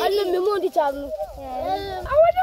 Allo, mi mau dicabut. Ah, guarda